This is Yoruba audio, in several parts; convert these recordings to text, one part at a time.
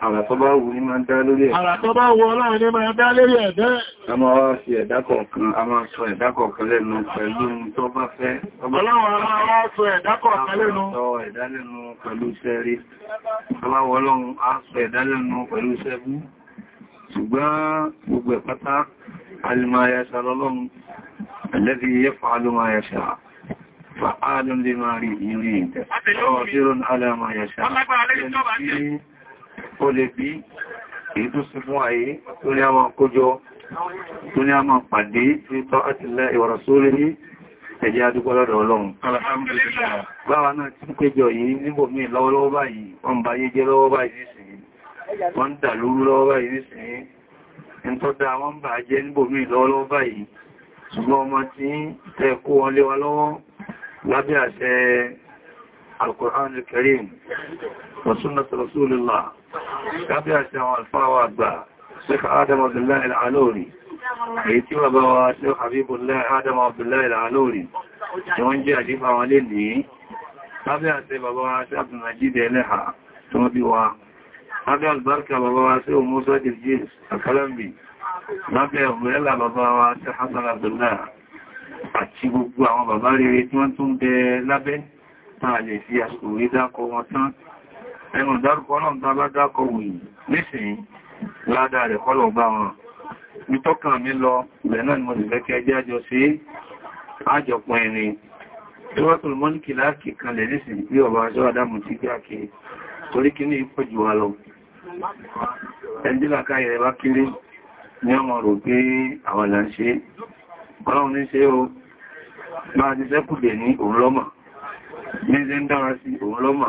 Àrà tó bá wù ní máa dá lórí ẹ̀. Àrà tó bá wù ọlọ́run ní máa dá lórí ẹ̀dẹ́. A máa wá sí ẹ̀dá kọ̀ọ̀kan, a máa sọ ẹ̀dá kọ̀ọ̀kan lẹ́nu pẹ̀lú tó bá fẹ́. Ọlọ́run a máa wá sọ ẹ̀dá kọ̀ọ̀kan lẹ́nu. Sọ ẹ̀dá lẹ́nu pẹ̀lú sẹ́rí. Ọlọ́run a sọ ẹ̀dá lẹ́nu pẹ̀lú sẹ́bú. Ṣùgbọ́n gbogbo ẹ̀pátá, alìmáyàṣà ó lè bí èyí tó sí fún ayé tó ní a máa kójọ tó ní a máa pàdé tí tọ́ àti lẹ́ ìwọ̀rọ̀ sórí ní ẹ̀jẹ́ adúgbọ́ lọ́dọ̀ ọlọ́run báwa náà tí ń péjọ yìí níbò mí lọ́wọ́lọ́wọ́ báyìí wọ́n bá yé jẹ́ lọ́wọ́ báyìí nísìnyí wọ́n ń dà lúrú Al-Qur'an Al-Karim wa sunnat Rasulullah tàbí àti àwọn alfáwà àgbà Sheikh Adam Abdullahi Al-Alori èyí tí wà bá wa Sheikh Habibullah Adam Abdullahi Al-Alori tí wọ́n jẹ́ àdífà wọn lè ní tàbí àti bàbá wa sí Abdulmajid Eleha tí wọ́n bí wa tàbí albarka bàbá wa sí Musa Jirgis Al-Kalambi tàbí ọ̀gbẹ̀lá bàbá wa bàbá rere tí ẹnu ìdárúkọ náà tá bá dákọ̀ wù nísìnyí ládá rẹ̀ kọ́lọ̀ bá wọn ní tọ́kàn mi lọ ilẹ̀ náà ni mo sì fẹ́kẹ́ ẹjẹ́ àjọ sí àjọpọ̀ ẹni tí wọ́n tún mọ́níkì láàkì kan lẹ̀ nísìnyí bí ọba aṣọ́ adámù ti gbá kiri torí kí ní ipò jù wá lọ ẹ̀ndínlàká yẹ̀ bá kiri ní ọmọ rò pé àwọn là ń ṣe ń dára sí òun lọ́mà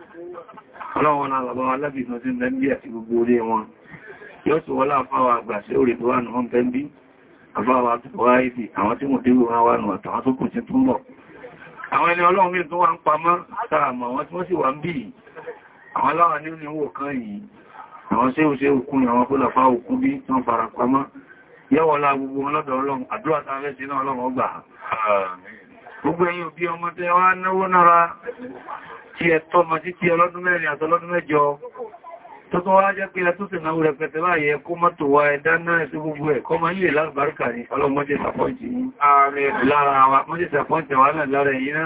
ọlọ́wọ́n àbàbá alábìsàn sí bẹ́m̀bí àti gbogbo orí wọn yóò sì wọ́lá àfáwà àgbà sí orí tó wà ní wọ́n bẹ́m̀bí àfáwà àtùkọ̀wà ìdí àwọn tí wọ́n dérò wọn wà nù àtàwọn tó kù sí tún bọ̀ àwọn ẹni ọlọ́run mìí tó wà ń pamọ́ sáàmà wọn tí wọ́n sì wà ń bí àwọn aláwà ní ìwò kan yìí àwọn séhù séhù kú ni àwọn kólà fáwò kú bí tí wọ́n fara pamọ́ gbogbo wọn òbí ọmọ tẹ́ náwó nára tí ẹ tọ́mọ títí ọlọ́dún mẹ́rin àtọlọ́dún mẹ́jọ tó tó wá jẹ́ pé ẹtúnṣe náà rẹpẹtẹ láàyè ẹkó mọ́tò wa ẹ̀dá náà ẹ̀sí gbogbo ẹ̀ kọ́ máa ń lè lálùbáríkà ní ọlọ́mọdé sàpọ́ǹtì lára wa mọ́dé sàpọ́ǹtì wa náà lára ẹ̀yìn náà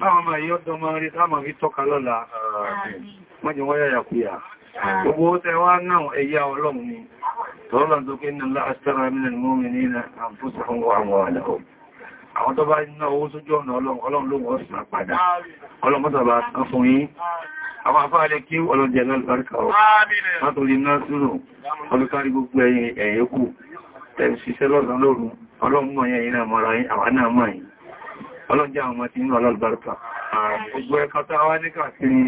báwọn máa yọ́ dọmọ rí sáàmà fi tọ́ka lọ́la mọ́jọ wọ́yá yàkúyà gbogbo tẹ wá náà ẹ̀yà ọlọ́run ni tọ́lọ́run tó kí ní láàá àwọn tó bá ná owó sójú ọ̀nà ọlọ́run ló wọ́n sì padà ọlọ́run mọ́sàbà kan fún yín àwọn afáàlẹ́ kí ọlọ́jẹ́ lọ́lọ́ríkà ọ̀ látòrí náà sírò olùkárí gbogbo ẹ̀yìn ẹ̀yẹ́kù tẹ̀síṣẹ́ lọ́sàn lóru ọlọ́run mọ̀ yẹn ìrìnà mọ́ra yìí àwọn náà mọ̀ yìí ọlọ́jà àwọn ti nínú ọlọ́lọ́gbàrúkà gbogbo ẹ̀kọ́ta wá ní káàkiri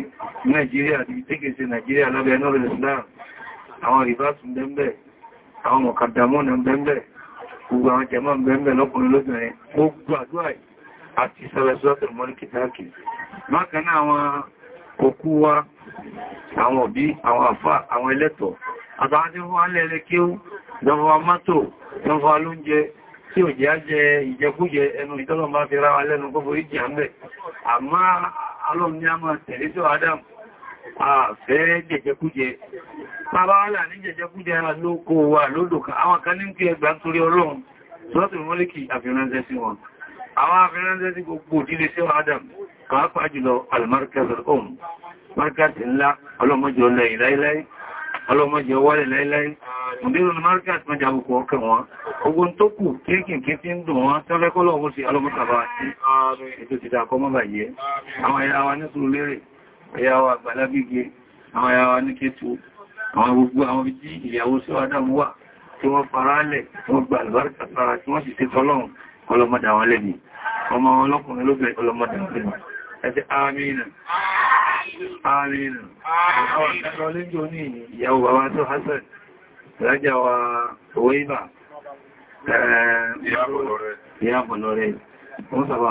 Nàìjíríà ti tẹ́kẹsẹ̀ Nàìjíríà lábẹ́ ẹ̀nà Islam àwọn rivers bẹ́m̀bẹ̀ àwọn mọ̀kàdàmọ́ bẹ́m̀bẹ̀ gbogbo àwọn jẹmọ́ gbẹ̀mgbẹ̀ lọ́kùnrin lóbìnrin gbogbo àdúrà àti sọ́lọ́sọ́tọ̀ mọ́líkì táàkì bákan náà àwọn òkú wa àwọn òbí àwọn àfá àwọn ẹlẹ́tọ̀ àtàwọn tí wọ́n lẹ́lẹ́ kí ó dánfà mọ́tò dánfà lóúnjẹ tí ò jẹ́ jẹ ìjẹkújẹ ẹnu ìtọ́lọ̀ àfẹ́ jẹjẹkújẹ bàbá wà ní jẹjẹkújẹ lóko wà lódò àwọn kan ní kí ẹgbà torí ọlọ́run sọ́tùrù mọ́líkì àfihànṣẹ́ sí wọn àwọn àfihànṣẹ́ sí gbogbo òdílé sí adam pàápàá jùlọ almarkazar'om markazi ńlá ọlọ́mọjọ lẹ́yìn láíláí ọlọ́mọjọ wálẹ̀ láíláí mọ̀dínú markazi mọ́jà gbogbo ọkàn wọn ogun tó kù kíkìnkí tí ń dùn wọn tọ́lẹ́kọ́lọ́ ìyàwó àgbàlábígẹ àwọn ìyàwó níkẹtù àwọn gbogbo àwọn bí ìyàwó sí àdámù wà tí wọ́n farálẹ̀ wọ́n gba àlùbáríkà sára tí wọ́n sì ṣe tọ́lọ́run ọlọ́mọdà wọn lẹ́ni ọmọ ọlọ́kùnrin lóbìnrin ọlọ́mọdà wọn lẹ́ni ẹ̀sẹ̀ àmìnà àmìnà àwọn ìṣẹ́lọ lẹ́jọ́ ní ìyàwó bàbá tó Hassan rájá wa Owéibà ìyàbọ̀lọ́rẹ̀ wọ́n sábà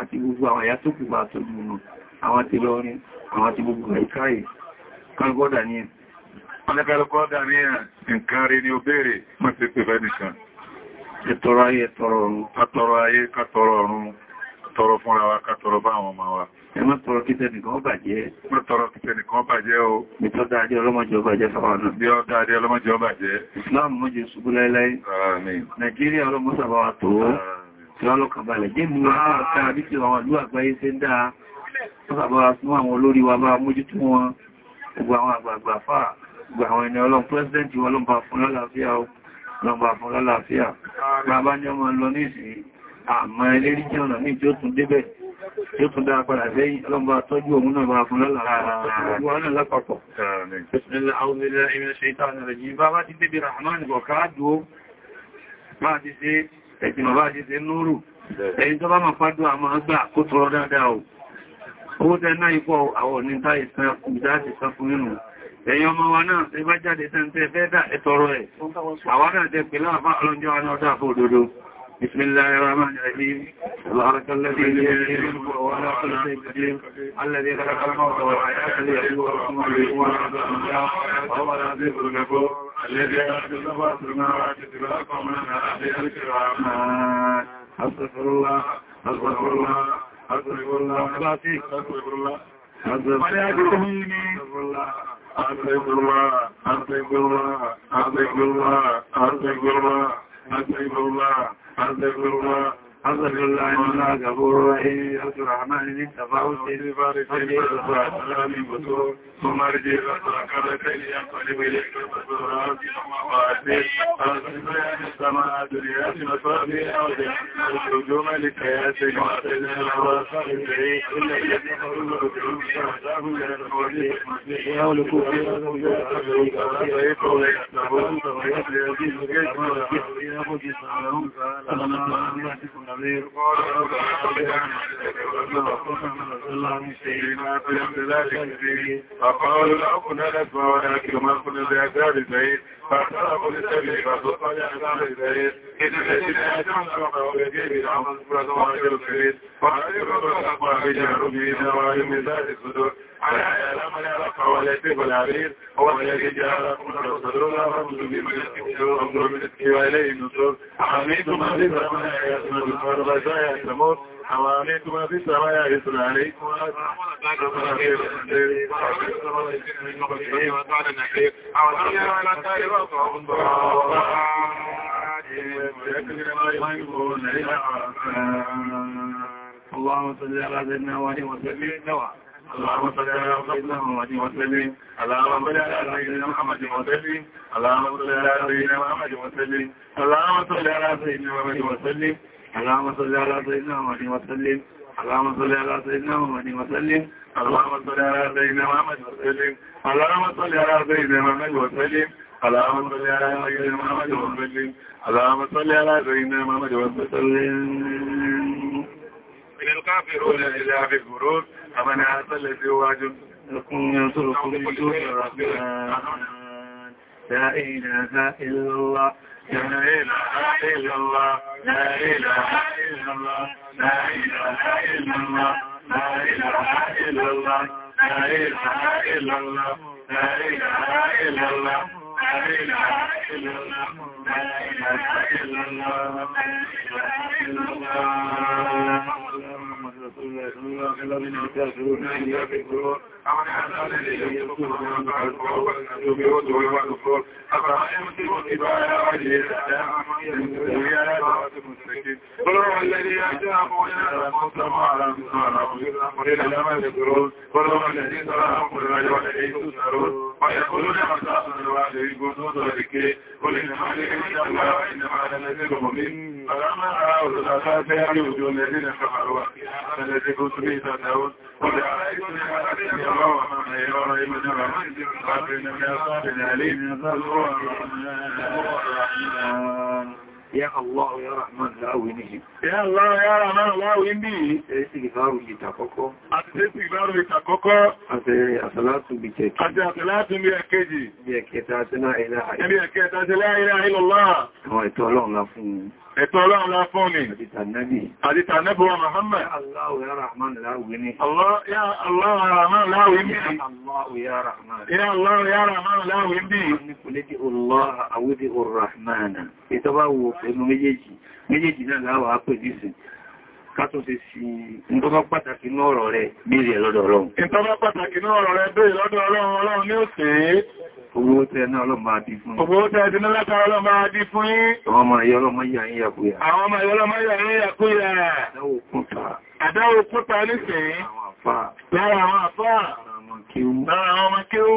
àti gbogbo àwọn àyà tó kù bá tọ́jú wọn àwọn ti lọ rí àwọn ti gbogbo ẹ̀káyì kọlùkọ́dà ní ẹ̀ ọlẹ́kọlùkọ́dà ní ẹ̀ nǹkan rí ní ó bèèrè wọ́n ti pè fẹ́ nìkan ẹ̀tọrọ ayé ẹ̀tọrọ ọ̀run kátọrọ ayé kátọrọ ọ̀run tọrọ fúnra wa kátọrọ bá àwọn ọmọ Islam mọ́jẹ́ ṣubú láíláí Nàìjíríà ọlọ́mọ́sàbáwà tó ìrọ́lọ́kàbalẹ̀ jẹ́ mú àtàrà bí kí àwọn ìlú àgbáyé ṣe ń dáa lọ́sàbára fún àwọn olórí wa bá mójútó wọn gbogbo àwọn àgbààgbà fà gbogbo àwọn ẹni ọlọ́run pẹ́sidẹ̀ntì wọn lọ́mbà fún lálàáfíà lọ́mbà fún lálàáfíà bàbá ní ọmọ lọ ní ìsìn àmọ́ ẹlẹ́rí jẹ́ ọ̀nà míì tí ó tún débẹ̀ tí ó tún dá bá fún lálàáfíà ẹ̀tì bàbá àti ṣe núrù ẹ̀yìn tó bá máa fádùn àmọ́ gbà kó tọrọ dáadáa o owó tẹ náà ipò àwọn oníta ìsàn fún nínú ẹ̀yìn ọmọ wa náà tẹ bá jáde tẹ́ fẹ́ dà ẹ̀tọrọ ẹ̀ àwọn náà tẹ pẹ̀lú àbá ọlọ́njọ́ wa náà dáa fún òdodo بسم الله الرحمن الرحيم تبارك الذي يجيب ولا قدير الذي أحدث السماوات سباق من هذه الكرامات أستغفر الله أستغفر الله أستغفر الله أستغفر الله أستغفر الله أستغفر الله أستغفر الله أستغفر الله أستغفر الله أستغفر الله أستغفر الله أصدق الله إن الله غفور رحيم يرد الرحمن من تفاوت بفارس السلام بطور ثم رجي الأسرى كبتين ينقلب إليك البصرات وأسير أرسل بيان السماء دنيات مصابيها والهجوم لكياتك وأسير الأواصر البعيد إلا الذين قلوا رجعون فأسابوا إلى الوليد يولكوا في الأرض ويقوا ليستبون ويقلوا في الجيش ويقلوا في الأرض ويقلوا في الأرض العظيم قال فقالوا لا كنا نسمع ولكن ما كنا بأسار زيد فاعترفوا للسبيل فصدق لأسار زيد إذا الذين أتمنوا ويجيب العمل فرد وعجل الكريم وعليكم الأقوى بجهر به دوائم ذات الصدور على الأمر رفع وليس بالعبير هو الذي جعلكم الرسلون رمز بملك وجوههم رمزك وإليه النصور حميد ما في السماء يسمى الأرض يسمون حواميد ما في السماء يسمى عليكم اللهم صل على سيدنا وعلي وسلم نوى اللهم صل على سيدنا محمد وسلم اللهم صل على سيدنا محمد وسلم اللهم صل على سيدنا محمد وسلم اللهم صل على سيدنا محمد وسلم اللهم صل على سيدنا محمد وسلم اللهم صل على سيدنا محمد وسلم اللهم صل على سيدنا محمد وسلم اللهم صل على سيدنا محمد وسلم اللهم صل على سيدنا محمد وسلم اللهم صل على سيدنا محمد وسلم من الكافرون إلى الغرور Àbáni àtọ́lẹ̀ tí ó wájú. Ẹkùnrin ọ̀tọ́ òkúrú tó لا إلا لا إله إلا الله لا إله إلا الله لا إله إلا الله لا إله إلا الله لا إله إلا الله لا إله إلا الله لا إله إلا الله لا إله إلا الله لا إله إلا الله رسول الله صلى الله عليه وسلم من الكافرون أن يفكرون ويقولون مصاصنا الواحد يقولون ذلك قل إنما عليك إلا الله وإنما على نذير مبين فلما رأوا الآخر فيعلموا الذين كفروا وكيها فالذي كنت به تدعون يا الله يا رحمن لاوينه يا الله يا رحمن لاوين بي استغفار يتكوكو استغفار يتكوكو الصلاه بكيك الصلاه بكيك بكيتاتنا الى الله بكيتات لا اله الا الله هو تولون لا فún Ẹ̀tọ́ ọlọ́run lọ fún ni, àdìtà nẹ́bù wa Muhammad. Allahu ya Rahman láwí ní. Allahu ya Rahman láwí ní. Allahu ya Rahman láwí ní. Ní kò lé di Allah àwúdí Rahman. Ìtọ́bá wo pẹ̀lú méjèèjì, méjèèjì náà láwà á pè nísìn kátó ti sí ìtọ́bá pàtàkì ní ọ̀rọ̀ rẹ̀ béèrè lọ́dọ̀ ọlọ́run. ọlọ́run ní òsèé. Owó tẹ́ ẹ̀nà ọlọ́mọ àdí fún yín. Owó tẹ́ ẹ̀dínà látara ọlọ́mọ àdí fún yín. Àwọn ọmọ ìyá ọlọ́mọ ìyà ń yàkúyà. Àwọn ọmọ ìyá ọlọ́mọ ìyà ń yàkúyà. Àdáwò kúta. Àdáwò kúta nísìnyí. Àwọn àfáà. Lára àwọn àfáà. Lára àwọn ọmọ kéwú.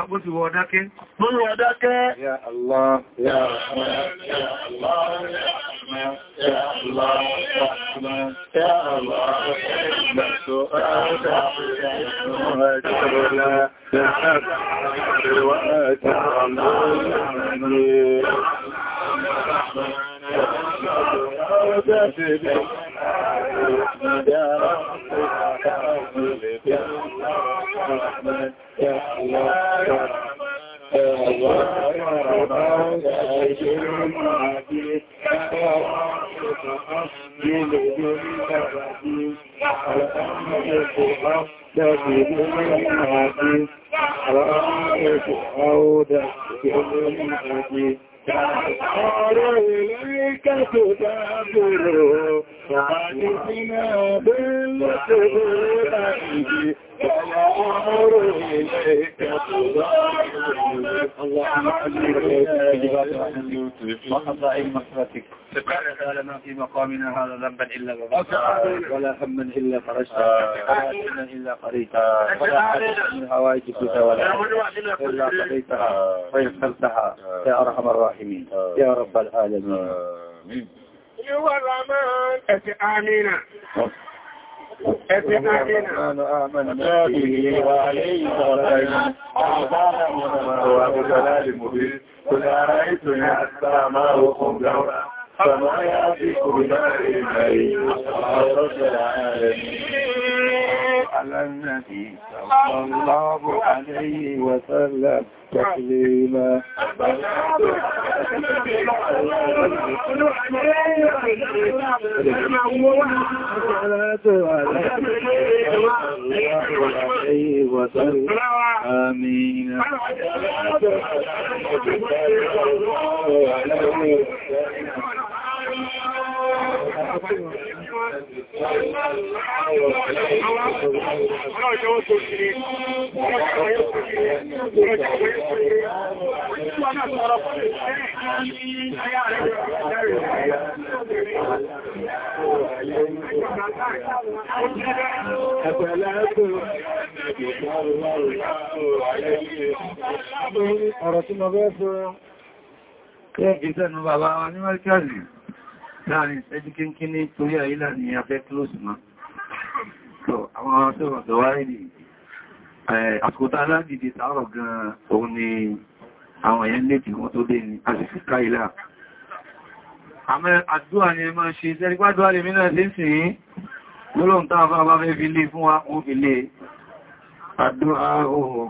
bó ti wọ ọ̀dákẹ́ bó ti wọ ọ̀dákẹ́ Ya Allah Ya Allah Ya Allah Ya Allah Ya Allah Ya Allah Ya Allah Ya Allah يا رب Ọ̀rọ̀ ìlú ìkàtò dáàbòrò عالمنا بالسبب عندي والأمر إليك سبحانك لنا في مقامنا هذا ذنبا إلا غفرته ولا هما إلا فرجته ولا سنا إلا قريته من هوائجك إلا قضيتها ويسرتها يا أرحم الراحمين يا رب العالمين آمين Yíwà Ramán ẹ̀sìn Amina. Ẹ̀sìn Amina. Ọjọ́ ìrìn àwọn ọ̀rọ̀ على النبي صلى الله عليه وسلم تسليما عليه وسلم آمين Ọ̀rọ̀ tí mo bẹ́ fún ẹgbẹ̀sẹ̀ nù bàbá wa ní Mẹ́ríkà nìí láàrin ìṣẹ́jú kínkín ní torí àìlà ni a fẹ́ close ma so àwọn ọ̀sọ̀rọ̀ tó wá ìdí àsìkòtà aládìdì sáàrọ̀ gan òun ni àwọn èèyàn lè tí wọ́n tó dé ní àṣìṣì káìlà àmẹ́ àdúwà ni ẹ máa ṣe ìṣẹ́rígbádùn alẹ́ mìíràn sí sí lọ́lọ́n tàà bá bá fẹ́ fi lé fún wa ó fi lé àdúwà ohùn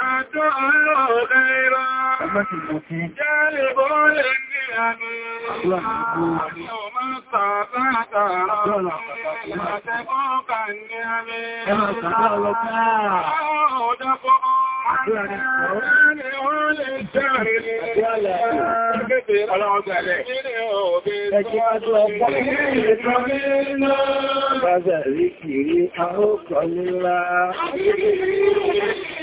Bàbá rí kìí, a ó kọ̀ nílá.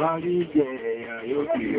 Lárí jẹ ẹ̀yà yóò kìí.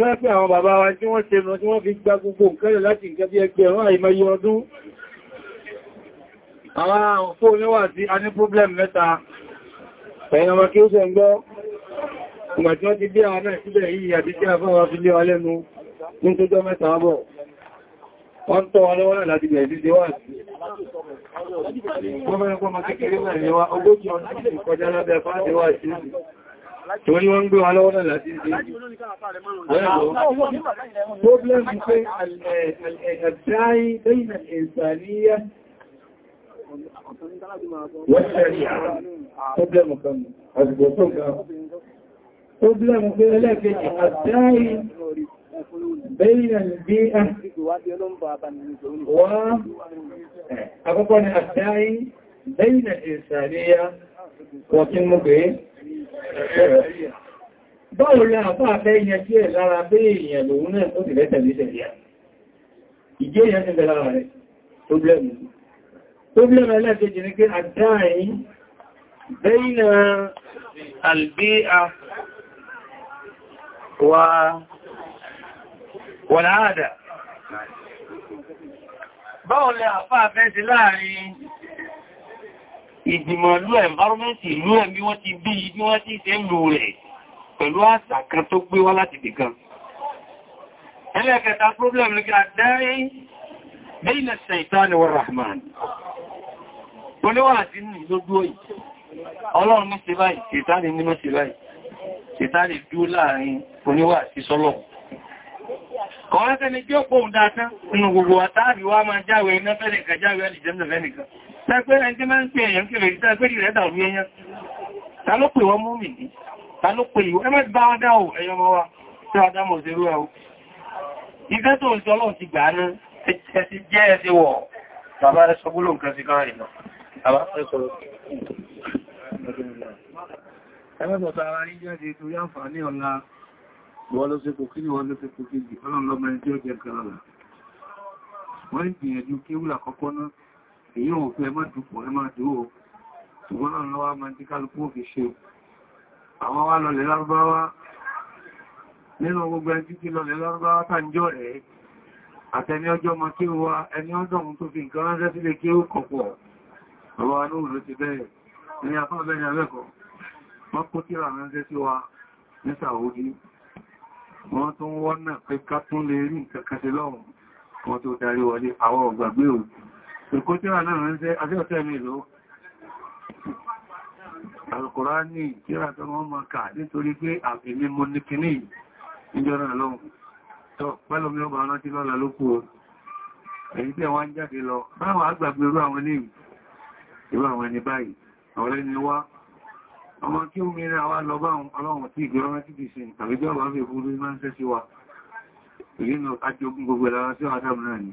tó ẹ́ pé àwọn bàbá wa tí wọ́n tẹnu tí wọ́n fi gba gbogbo nǹkan láti nǹkan bí ẹgbẹ̀rún àìmọye ọdún àwọn òfó oníwà sí a ní problem mẹ́ta ẹ̀yìn ọmọ kí ó sẹ ń gbọ́ ìgbà tí wọ́n ti bí àwọn náà síbẹ̀ yìí àti tí àfẹ́ wọn fi lé wa lẹ́nu ní tó jọ mẹ́ta bọ̀ wọ́n tọ́ wọn lọ́wọ́ láti bẹ̀rẹ̀ sí ṣe wà sí wọ́n mẹ́rin pọ́ mọ́ kékeré mẹ́rin wa ogójì ọdún ìkọjá lábẹ́ fáṣẹ́wà sí torí wọ́n ń gbé wọn lọ́wọ́ láti ṣe problem pé àdáyí lẹ́yìn ìsàníyà wọ́n ṣẹ̀ríà problem kan àgbò tó ga problem pé ẹlẹ́kẹ̀ẹ́ àdáyí Bẹ́yìn àlùbí ẹ̀ wọ́n eh, àkọ́kọ́ ni àdáyí bẹ́yìn ìsàníyà wọ́n kí mú bẹ́ẹ̀ Báwo ni àpá àfẹ́ yẹn sí ẹ̀ lára pé èèyàn lòun náà tó ti lẹ́tẹ̀ lé ṣẹ̀lẹ̀. Ìjé èèyàn ti bẹ̀rẹ̀ rẹ̀, problemu. Problemu ẹlẹ́kejì ni pé àdáyìn bẹ́yìnà àlbíà wà wọ̀láàdà. Báwo ni àpá àfẹ́ sí láàrin ìgbìmọ̀ ìlú environment ìlú ẹ̀ bí wọ́n ti bí ibi wọ́n ti ṣe ń lò rẹ̀ pẹ̀lú àṣà kan tó gbé wá láti bìkan. ẹlẹ́kẹta problem ní kí a dáyé bẹ́ẹ̀nà rahman oníwà sí ní ìlójú òyìn ọlọ́run ní ṣe báyìí ṣaitani ní mọ́ ṣe báyìí ṣaitani dúó láàrin oníwà sí sọ́lọ̀ kọ̀ọ́rẹ́sẹ́ni tí ó pòun dáadáa nínú gbogbo àtàbí wá máa jáwẹ̀ iná fẹ́nìkan jáwẹ̀ alìjẹ́ Tẹ́gbẹ́ ẹni tí máa ń pè èèyàn kìrì tẹ́gbẹ́ ìrẹ́ dàrú èèyàn. Ta ló pè wọ́n mú mi ní? Ta ló pè ìwọ́? Ẹmẹ́ bá wá dáwò ẹyọ mọ́ tí wá dámọ̀ sí kan Wọ́n ló ṣe kò Ọlọ́run lọ́mọ ẹni tí ó jẹ́ kan lọ́la. Wọ́n ń gbìyànjú kí wúlà kọ́kọ́ náà èyí ò fẹ́ mọ́ dùpọ̀ ẹ máa dúró ṣùgbọ́n náà lọ́wọ́ máa tí kálukú fi ṣe àwọn wá lọlẹ̀ lárúbáwá nínú gbogbo ẹni títí lọlẹ̀ lárúbáwá tàǹjọ́ rẹ̀ àtẹni ọjọ́ ma kí wa ẹni ọjọ́ mú tó fi nǹkan ránṣẹ́ sílé kí ó kọ̀pọ̀ ọwọ́ anúhù ló ti bẹ̀rẹ̀ ní afọ́bẹ̀rẹ̀ alẹ́kọ̀ọ́ wọ́n kó tíra ránṣẹ́ sí wa ní Saudi wọ́n tún wọ́n náà pé ká tún lè rí nǹkan kan sí lọ́run wọ́n tó darí wọlé àwọn ọ̀gbàgbé òkú Ìkó tí wà náà ránṣẹ́ abẹ́ọ̀tẹ́ mi Al-Kùránì kíra tó wọ́n máa kà nítorí pé àfẹ́mí mo ní kìíní ìjọra lọ́wọ́. Tọ́ pẹ́lú mi ọba ọ̀nà tí lọ́la ló kú o. Èyí tẹ́ wá ń jáde lọ, báwọn àgbàgbé àwọn ní irú àwọn ẹni ni wá. Ọmọ kí ó mìíràn wá lọ báwọn ọlọ́run tí ìgbẹ̀rọ̀ ti dìsìn tàbí jọ́ bá fi fúrú máa ń sẹ́ sí wa. Èyí nù ajogun gbogbo ẹ̀lára sí wàtàmù náà ni.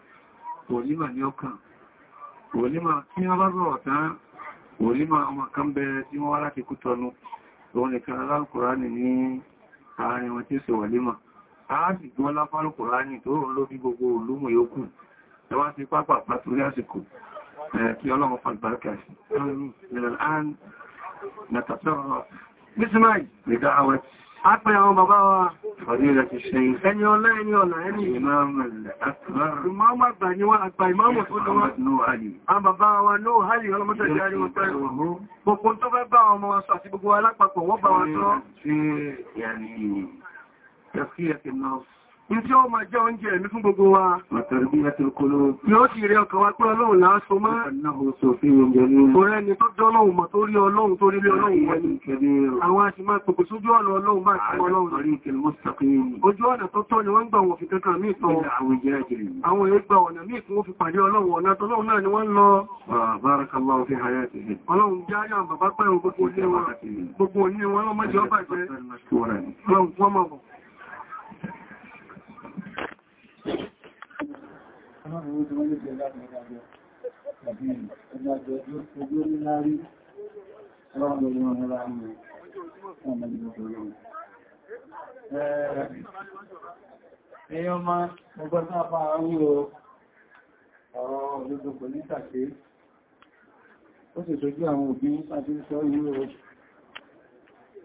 wòlímà ní ọkàn wòlímà tí wọ́n bá bọ̀rọ̀ tán wòlímà ọmọ kan bẹ̀rẹ̀ tí wọ́n wá láti kú tọnu òun nìkan alákùnránì ní àárín wọn tí ó sì wòlímà áàdì tí wọ́n lápálùkùnránì tó rùn ló bí gbogbo olúmù yókù ẹwà sí pápá Apẹ àwọn bàbá wa, Fàdílẹ̀ ti ṣe ẹni ọlá ẹni ọ̀nà ẹni ìmáàmù àgbà ni wọ́n àgbà ìmáàmù tó lọ́wọ́. Àwọn bàbá wa ló hálì ọlọ́mọ́tẹ̀ jẹ́ àríwọ̀ pẹ̀lú. Gbogbo tó fẹ́ bá ọmọ wa sọ àti gbogbo alápapọ̀ wọ́n bá wa sọ. Ṣé yà tí ó máa jẹ́ oúnjẹ ẹ̀mí fún gbogbo wa yóò ti rí ọkàn wa pé ọlọ́run láá so mọ́ ọ̀rẹ́ ni tó jọ ọlọ́run mọ̀ tó rí ọlọ́run tó rí lé ọlọ́run wọ́n àwọn àṣìmá pẹ̀kù sójú ọ̀nà ọlọ́run bá ti ọlọ́run ojú ọ̀nà tó tọ́ ni wọ́n gbà wọn fi kankan mí tọ́ àwọn èyí gba ọ̀nà mí fún fi pàdé ọ̀nà ni wọ́n lọ ọlọ́run jáyà bàbá pẹ̀rún ọlọ́run Èèyàn máa ọgbọ́n náà bá rí o ọ̀rọ̀ ológun pẹ̀lú ìtàkì, ó sì tójú àwọn òbí àti ìṣọ́ ìlú o.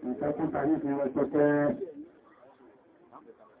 Nǹkan kúta ní ìfẹ́ rẹ̀ pẹ́pẹ́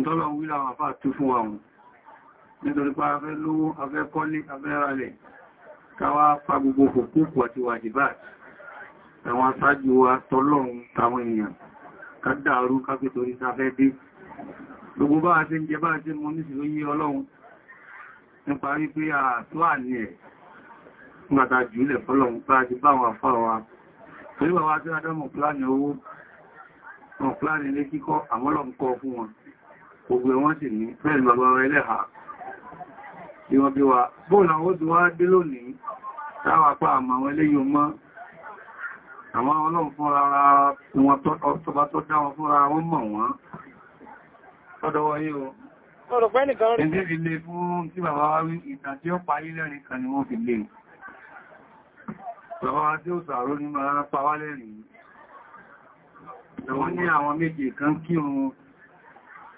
ìtọ́lọ̀ wílà àwọn àfáà tó fún wa wọn nítorí pé afẹ́ lówó afẹ́ kọ́lé afẹ́ ralẹ̀ káwà pa gbogbo òkúkù àti wàjìbáà àwọn aṣáájú wa tọ́lọ́run táwọn èèyàn ká dàrú ká pé torí sáfẹ́ dé gbogbo bá ṣe ń jẹ bá ṣe mọ́ nísìlò yí ọlọ́run nípa wípé àtúwà ní ẹ̀ nígbàtà jùlẹ̀ fọ́lọ́run bá ṣe bá wọn àfá wa torí bàbá tí adámọ̀ pláàni owó wọn pláàni ilé kíkọ́ àmọ́lọ́nkọ́ fún wọn gbogbo wọn sì ní bẹ́ẹ̀ bàbá wa ẹlẹ́ha ni wọ́n bí wa bóòlù àwọn òdù wá dé lónìí táwà pa àmà àwọn eléyìí mọ́ àwọn ọlọ́run fúnra wọn tọba tó dá wọn fúnra wọn mọ̀ wọ́n ọdọ́wọ́ yí o ẹgbẹ́ fi lè fún tí bàbá wá wí ìtàn tí ó parí lẹ́rin kan ni wọ́n fi lè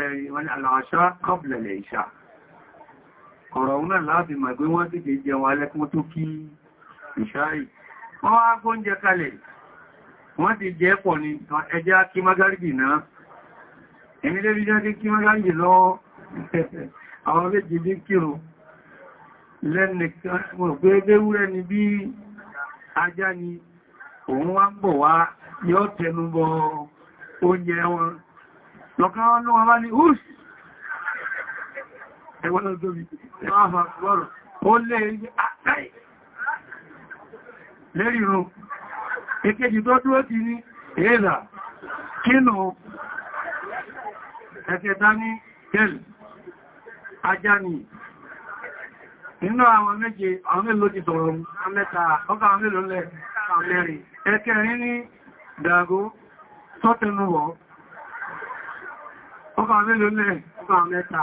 العشاء قبل العشاء ọ̀rọ̀ ọ̀nà láti mọ̀ pé wọ́n tètè dị alẹ́kún tó kí ìṣáì wọ́n wá kó ń jẹ kalẹ̀ ti jẹ pọ̀ ní ẹjẹ́ kí magaribi kí magaribi lọ àwọn méjì bí kírò ni oúnjẹ wọn lọ́kàn wọn ló wọn bá ní hús ẹgbọ́n ló tóbi láàfà gbọ́rọ̀ ó lé ẹgbẹ́ e, àkáì ah, lérí rún èkejì tó dúró ti ní èèlà kínú ẹ̀kẹta ní kẹlù ajá ni nínú àwọn méje àwọn mélòó ti sọ̀rọ̀ mẹ́ta ọkà àwọn mélòó lẹ́ ní dàgó sọ́tẹnuwọ̀ àbá mélòó lẹ́ àbá mẹ́ta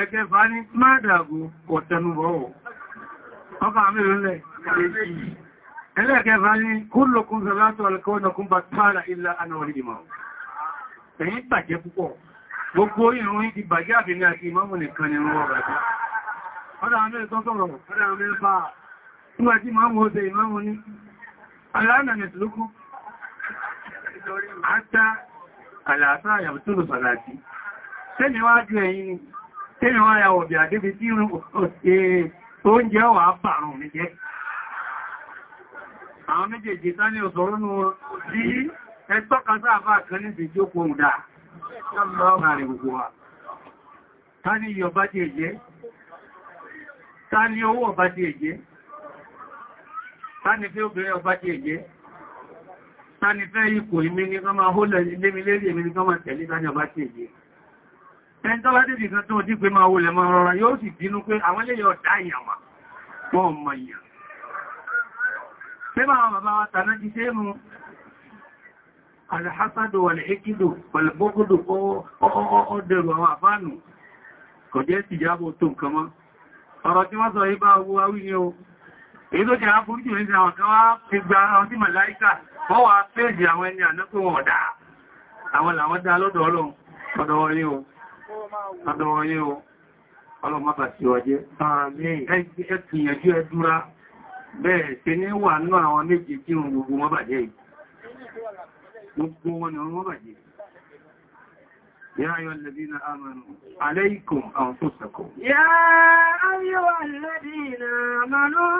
ẹgbẹ́ bá ní mádàgó kò tẹnubọ̀wọ̀ àbá mélòó lẹ́ ẹlẹ́gẹ́ bá ní kúlòkún zọlátọ̀ alkọ́nàkún bá tààrà ilá anáwọ̀rí ìmọ̀ ẹ̀yìn bàjẹ́ púpọ̀ gbogbo ìrún ìdí bàjẹ́ àbìnrin àti ìmọ̀mù nìkan ni wọ́n bàjẹ́ ọdá àmì ìtọ́sọ̀rọ̀ ọdá àmì ẹ̀fà nígbàtí ìmọ̀mù ó àlàáfà wà bàrùn ní jẹ́ àwọn méjèèjì sáni ọ̀sọ̀rọ̀ nù bí ẹgbọ́ kan sáàfà kan ní ìjókòó ọ̀dá láàrin gbogbo wa tani iyọ̀ bá ti èjẹ́ tani owó ọba ti èjẹ́ tani fẹ́ obìnrin ọba ti èjẹ́ tani fẹ́ ipò ìmí ní kọ́ máa hólẹ̀ ilé mi lérí èmi ní kọ́ máa tẹ̀lé tani ọba tí èdè ẹni tọ́lá dìdì kan tó dí pé máa hólẹ̀ máa rọra yóò sì bínú pé àwọn ilé yọ dá ìyàwó pọ̀ ọmọ ìyà pé máa bàbá wa tàná jí sé mú alhásádò alhékìdò pẹ̀lẹ̀bọ́gódò ọdẹ̀rù àwọn àfánù kọ̀jẹ́ tìjábò tó nǹkan mọ́ ọ̀rọ̀ tí èyí tó jẹ́ àforíjì ní àwọn kan wá fi gba àwọn tí màláíkà wọ́n wá péèjì àwọn ẹni ànákò wọn ọ̀dá àwọn làwọn dá lọ́dọ̀ ọlọ́run ọ̀dọ̀ wọlé o ọlọ́run má bà sí jẹ́ يا أيها الذين آمنوا عليكم أنفسكم يا أيها الذين آمنوا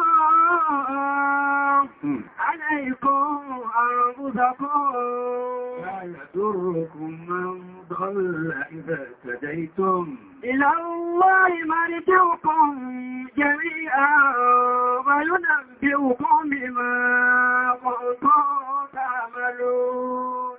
عليكم أنفسكم لا يضركم من ضل إذا اهتديتم إلى الله مرجعكم جميعا وينبئكم بما كنتم تعملون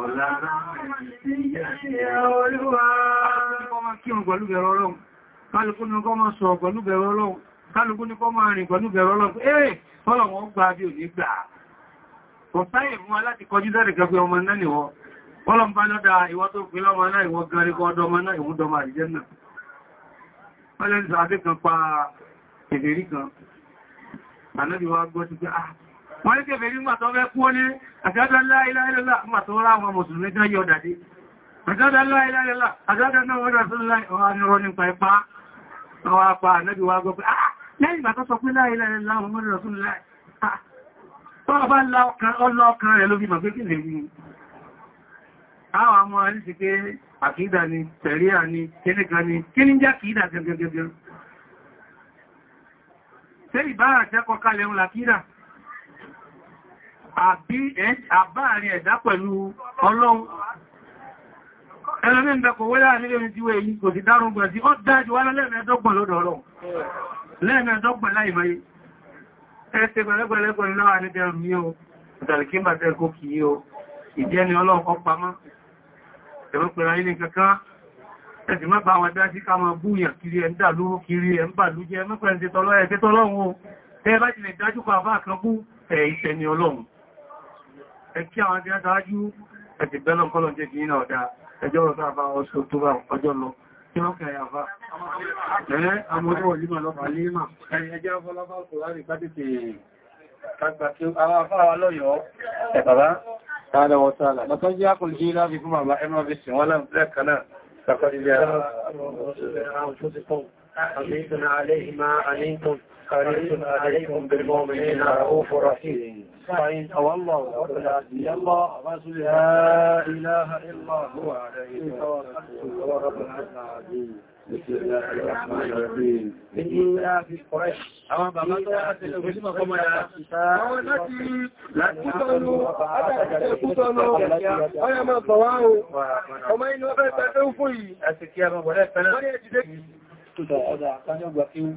Ọ̀lànà ìyẹ́ olúwa. Kálukú ní kọ́ máa sọ pẹ̀lú bẹ̀rẹ̀ Ọlọ́run. Kálukú ní kọ́ máa rìn pẹ̀lú bẹ̀rẹ̀ Ọlọ́run. Ee, ọlọ̀ wọn gba bí ò ní gbà. Kò sáyè fún wa láti kọjú dẹ́rẹ̀ gẹ́gbẹ́ ọmọ náà nìwọ. Ọlọ́m bá lọ́dá ìwọ tó fi lọ́mọ náà ìwọ gan ríkọ́ ọdọ ọmọ náà ìwọ́n dọmọ àìjẹ́ náà. Ọlẹ́ wọ́n ní kèfèé rí màtọ́ fẹ́ kú ní àṣádọ́ láìláìlá màtọ́ láwọn mùsùlùmí jẹ́ yọ dàdé àṣádọ́ láìláìlá àṣádọ́ náà wọ́n rẹ̀ sọ́lá ọwá ní rọ́ nípa ipá ọwá pa ànẹ́bí wá gọ́ pé ah lẹ́yìn ìgbà tó sọ pé láìláìlá ah, ọmọ rẹ̀ sọ́lá tọ́rọ bá ọlọ́ọ̀kan rẹ̀ ló bí màgbé kí lè rí àwọn ọmọ rí sí pé àkídà ni tẹ̀ríà ni kíníkan ni kí ní jẹ́ àkídà àbí àbáàrin ẹ̀dá pẹ̀lú ọlọ́run ẹlẹ́mí ń bẹ̀kọ̀ wọ́lá nílé orin tíwé yìí kò sí dárùn gbọ̀n tí ó dájú wá lẹ́mẹ̀ẹ́dọ́gbọ̀n lọ́dọ̀ ọlọ́run lẹ́mẹ̀ẹ́dọ́gbọ̀n láì máyé ẹ̀ẹ́sẹ̀ gbẹ̀lẹ́gbẹ̀lẹ́gbọ̀n láwà níbi ẹrù yíò ìtàlẹ̀kí bá tẹ́ kó kìí o ìjẹ́ ni ọlọ́run kọ́ pamọ́ ẹ̀rọ pẹ̀lú ayé ní kankan ẹ̀sì mọ́ bá wọn dá sí ká máa búyàn kiri ẹ̀ ń dà lóró kiri ẹ̀ ń bà lójẹ́ mọ́pẹ̀lẹ̀ tọ́lọ́run o tẹ́ bá ti lè dájú pa àbá kan bú ẹ̀ ìṣẹ́ ni ọlọ́run ẹkí àwọn tí a ṣáájú ẹ̀kì bẹ́lọ̀ kọ́lọ̀ jẹ́ kí iná ọ̀dá ẹjọ́ ọ̀rọ̀ sáà bá ọṣọ tó bá ọjọ́ lọ kí wọ́n kẹ́ àfá ẹ̀ẹ́ amójú ọ̀límọ̀ lọ́pàá límà ẹjẹ́ ọfọ́lọ́pàá kò lárí pàtàkì kàgbàkí àwọn afáwà lọ́yọ́ ẹ̀bàbá tààdà wọ́tààlà lọ́tọ́ jẹ́ àkùnjí láti fún bàbá ẹmọ́ bí حريص عليكم بالمؤمنين رؤوف رحيم فإن تولوا فقل حسبي الله رسول لا إله إلا هو عليه توكلت وهو رب العزة العظيم بسم الله الرحمن الرحيم إلا في قريش أما بابا تلوزم قم يا أولتي لا تكتلوا أتكتلوا كتلوا أيا ما ضواهوا وما إن وقت تلوفي أسكيا ما ولا فلا ولا يجدك تتعدى كان يبقى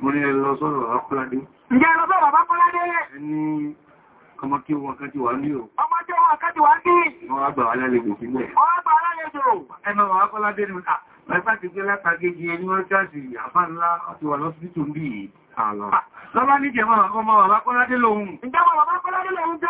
Mo ní ẹlọ sọ́rọ̀ àkọ́ládé. Ǹjẹ́ ẹlọ sọ́rọ̀ àkọ́ládé? Ẹni ọmọ kí wọn kan ti wà ní o. Ọmọ tí wọn kan ti wà ní. Wọ́n àgbà alálejò sílẹ̀. Wọ́n àgbà alálejò. Ẹnà àkọ́ládé ni Ẹgbẹ́ ti gbé látàgégi ẹni wọ́n jáàsì àfá ńlá ti wà lọ́sí tó ń bí àlọ́. Lọ́bá ní jẹ́ máa ọmọ bàbá Kọ́ládé lòun. Ìjọba bàbá Kọ́ládé lòun já.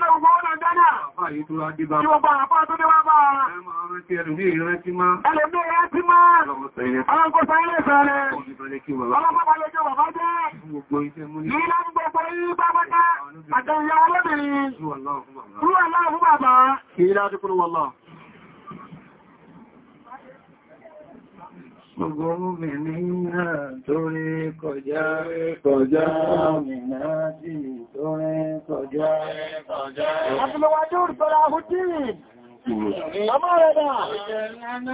yìí tó wá dé bá. Tí wọ́n bá àpá tó dé wá bá. Ẹmọ̀ ọmọ tí ẹlùmí ìrántí máa. Ẹlùmí ìrántí máa. Ọlọ́pọ̀ sẹ́yìn sẹ́rẹ̀. Ọlọ́pọ̀ bá lẹ́jọ́ bàbá jẹ́. Gbogbo iṣẹ́ mú ní. Ní láti gbogbo yí bá bá ká. Àjọ ìyá ọlọ́bìnrin. Rú àlọ́ fún bàbá. Kìí láti kúrò wọ́lọ́. gbogbo obìnrin náà torí kọjá kọjá òmìnà sí torí kọjá kọjá. Àfilọ́wájú ìtọ́lá Hùtíì. Ọmọ rẹ̀ náà.